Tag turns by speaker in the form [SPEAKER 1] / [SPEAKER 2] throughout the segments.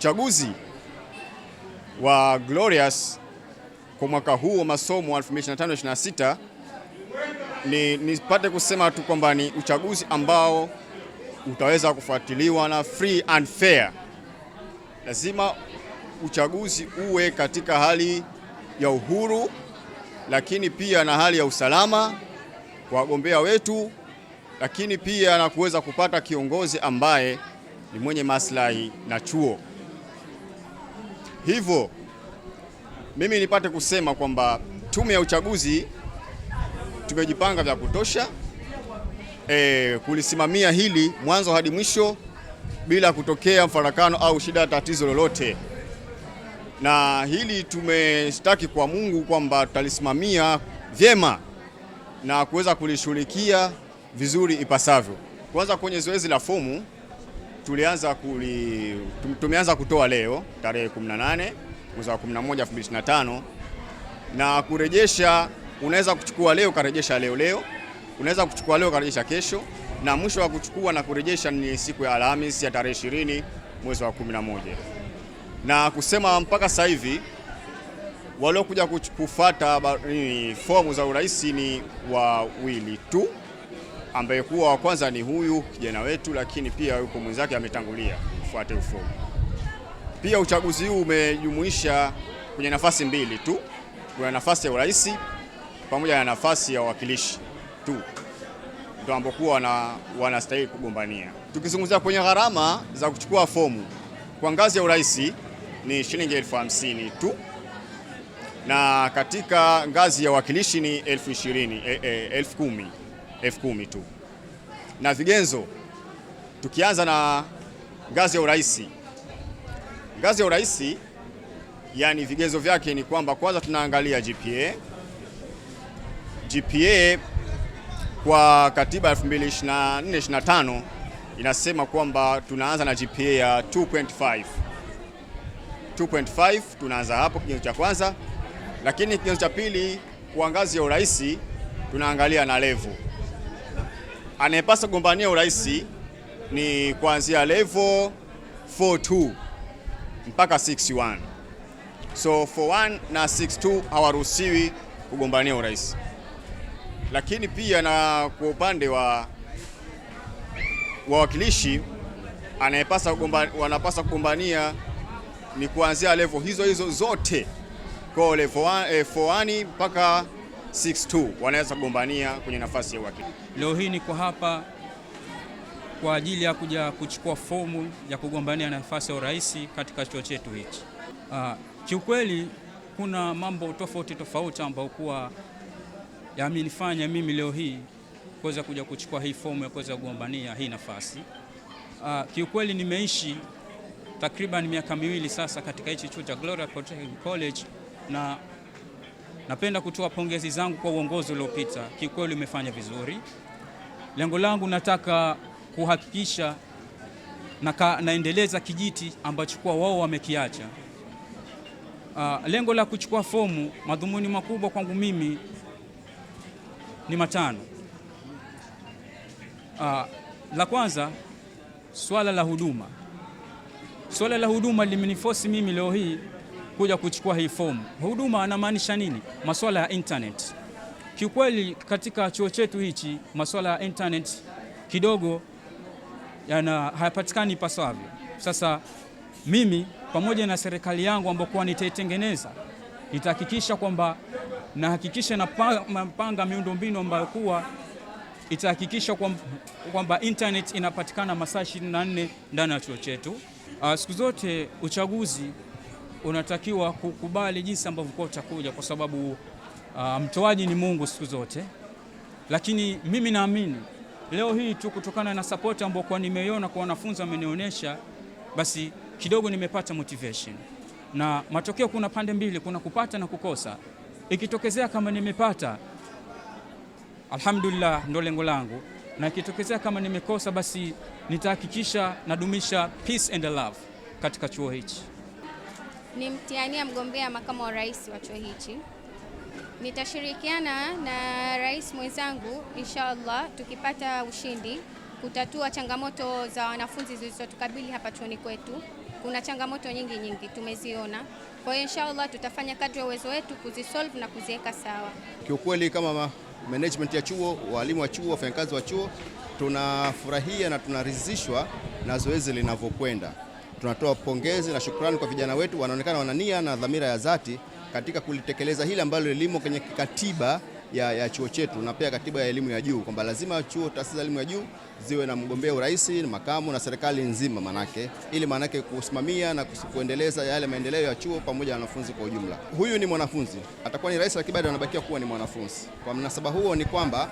[SPEAKER 1] uchaguzi wa Glorious kwa mwaka huu wa masomo 2025/26 ni nipate kusema tu kwamba ni uchaguzi ambao utaweza kufuatiliwa na free and fair. Lazima uchaguzi uwe katika hali ya uhuru, lakini pia na hali ya usalama kwa wagombea wetu, lakini pia na kuweza kupata kiongozi ambaye ni mwenye maslahi na chuo Hivyo mimi nipate kusema kwamba tume ya uchaguzi tumejipanga vya kutosha e, kulisimamia hili mwanzo hadi mwisho bila kutokea mfarakano au shida ya tatizo lolote, na hili tumestaki kwa Mungu kwamba tutalisimamia vyema na kuweza kulishughulikia vizuri ipasavyo. Kwanza kwenye zoezi la fomu tulianza kuli, tumeanza kutoa leo tarehe 18 mwezi wa 11 2025, na kurejesha, unaweza kuchukua leo ukarejesha leo leo, unaweza kuchukua leo ukarejesha kesho, na mwisho wa kuchukua na kurejesha ni siku ya Alhamisi ya tarehe 20 mwezi wa 11, na kusema mpaka sasa hivi waliokuja kufuata fomu za urais ni wawili tu ambaye kuwa wa kwanza ni huyu kijana wetu, lakini pia yuko mwenzake ametangulia kufuata ufomu. Pia uchaguzi huu umejumuisha kwenye nafasi mbili tu, kuna nafasi ya urais pamoja na nafasi ya wawakilishi tu ndio ambokuwa wana, wanastahili kugombania. Tukizungumzia kwenye gharama za kuchukua fomu kwa ngazi ya urais ni shilingi elfu hamsini tu na katika ngazi ya uwakilishi ni elfu ishirini, eh, eh, elfu kumi elfu kumi tu. Na vigenzo tukianza na ngazi ya urais, ngazi ya urais yani vigezo vyake ni kwamba kwanza tunaangalia GPA. GPA kwa katiba 2024 2025 inasema kwamba tunaanza na GPA ya 2.5. 2.5 tunaanza hapo kigezo cha kwanza, lakini kigezo cha pili kwa ngazi ya urais tunaangalia na level anayepasa kugombania urais ni kuanzia level 42 mpaka 61. So 41 na 62 hawaruhusiwi kugombania urais, lakini pia na kwa upande wa wawakilishi anayepasa kugombania, wanapasa kugombania ni kuanzia level hizo hizo zote kwa level 41 eh, mpaka 6-2 wanaweza kugombania kwenye nafasi ya uwakilishi. Leo hii niko hapa kwa ajili ya kuja kuchukua fomu ya kugombania nafasi ya urais katika chuo chetu hichi. Ah, kiukweli kuna mambo tofauti tofauti ambayo kuwa yamenifanya mimi leo hii kuweza kuja kuchukua hii fomu ya kuweza kugombania hii nafasi. Ah, kiukweli nimeishi takriban miaka miwili sasa katika hichi chuo cha Gloria Polytechnic College na Napenda kutoa pongezi zangu kwa uongozi uliopita, kikweli umefanya vizuri. Lengo langu nataka kuhakikisha na naendeleza kijiti ambacho kwa wao wamekiacha. Uh, lengo la kuchukua fomu, madhumuni makubwa kwangu mimi ni matano. Uh, la kwanza swala la huduma, swala la huduma limenifosi mimi leo hii kuja kuchukua hii fomu. Huduma anamaanisha nini? Masuala ya internet. Kiukweli katika chuo chetu hichi masuala ya internet kidogo yana hayapatikani pasavyo. Sasa mimi pamoja na serikali yangu ambayo kwa nitaitengeneza itahakikisha kwamba nahakikisha napanga miundombinu ambayo kuwa itahakikisha kwamba internet inapatikana masaa 24 ndani ya chuo chetu. Ah, siku zote uchaguzi unatakiwa kukubali jinsi ambavyo kwa utakuja, kwa sababu uh, mtoaji ni Mungu siku zote. Lakini mimi naamini leo hii tu kutokana na support ambayo kwa nimeiona kwa wanafunzi wamenionyesha, basi kidogo nimepata motivation. Na matokeo kuna pande mbili, kuna kupata na kukosa. Ikitokezea kama nimepata, alhamdulillah, ndo lengo langu, na ikitokezea kama nimekosa, basi nitahakikisha nadumisha peace and love katika chuo hichi
[SPEAKER 2] ni mtiania mgombea makamu wa rais wa chuo hichi. Nitashirikiana na rais mwenzangu inshallah, tukipata ushindi, kutatua changamoto za wanafunzi zilizotukabili hapa chuoni kwetu. Kuna changamoto nyingi nyingi tumeziona, kwa hiyo inshallah tutafanya kadri ya uwezo wetu kuzisolve na kuziweka sawa.
[SPEAKER 1] Kiukweli kama management ya chuo, walimu wa chuo, wafanyakazi wa chuo tunafurahia na tunaridhishwa na zoezi linavyokwenda tunatoa pongezi na shukrani kwa vijana wetu, wanaonekana wana nia na dhamira ya dhati katika kulitekeleza hili ambalo limo kwenye katiba ya, ya chuo chetu na pia katiba ya elimu ya juu kwamba lazima chuo taasisi za elimu ya juu ziwe na mgombea urais na makamu na serikali nzima manake, ili manake kusimamia na kuendeleza yale maendeleo ya chuo pamoja na wanafunzi kwa ujumla. Huyu ni mwanafunzi, atakuwa ni rais, lakini bado anabakia kuwa ni mwanafunzi. Kwa mnasaba huo ni kwamba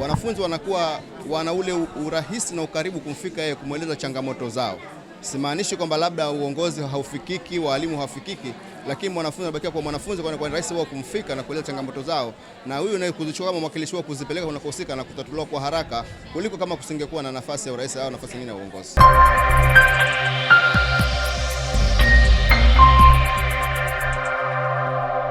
[SPEAKER 1] wanafunzi wanakuwa wana ule urahisi na ukaribu kumfika yeye, kumweleza changamoto zao. Simaanishi kwamba labda uongozi haufikiki, walimu hawafikiki, lakini mwanafunzi anabakia kwa mwanafunzi, kwani kwa rahisi wao kumfika na kueleza changamoto zao, na huyu naye kuzichukua kama mwakilishi wao kuzipeleka kunakohusika na kutatuliwa kwa haraka kuliko kama kusingekuwa na nafasi ya urais au nafasi nyingine ya uongozi.